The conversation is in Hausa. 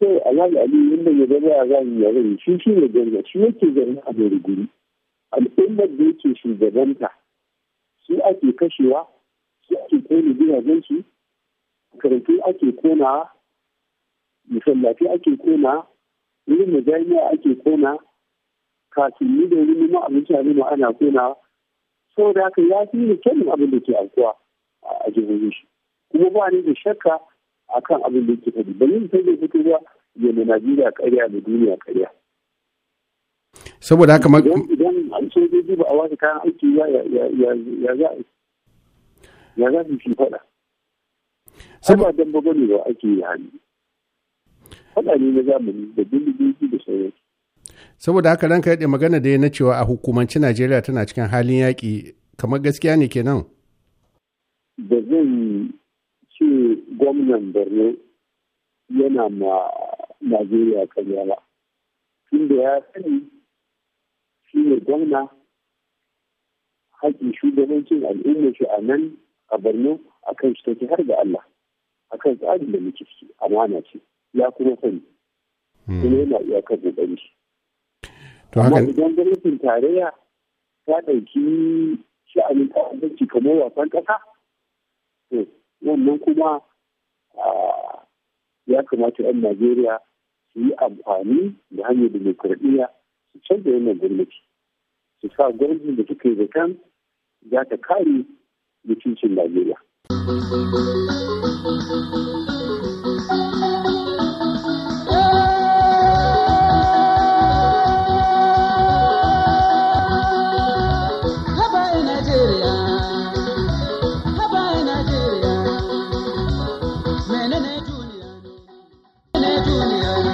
sai alhaji ali wanda ya zama ya zai ya zai shi shi ne gwamna shi yake gwamna a maiduguri al'ummar da yake shugabanta su ake kashewa su ake kone gidajen su karatu ake kona misallafi ake kona wurin majami'a ake kona kasinni da wurin nuna abinci a nuna ana kona da haka ya fi yi kyanin abin da ke aukuwa a jihohin shi kuma ba ni da shakka akan abin da ke faɗi ba yin da fito ba da najeriya karya da duniya karya saboda haka ma... idan an zai ba a wasu kayan aiki ya za ya za su shi faɗa saboda dan bugu ne ba ake yi hannu. faɗa ne na zamani da bindigogi da sauran. saboda haka ranka yaɗe magana da ya na cewa a hukumanci najeriya tana cikin halin yaƙi kamar gaskiya ne kenan da zan ce gwamnan borno yana ma Najeriya karya ba. da ya sani shi ne gwamna haƙƙin shugabancin al'umma shi a nan a Borno a kan shi take har da Allah a kan tsarin da muke ciki amana ce ya kuma sani hmm. kuma yana iyakar ƙoƙari Amma idan gwamnatin tarayya ta ɗauki sha'anin ta'addanci kamar wasan ƙasa to wannan kuma ah, ya kamata 'yan Najeriya su yi amfani da hanyar demokradiyya su canza yanayin gwamnati su sa gwamnati da suka yi zaton za ta kare mutuncin najeriya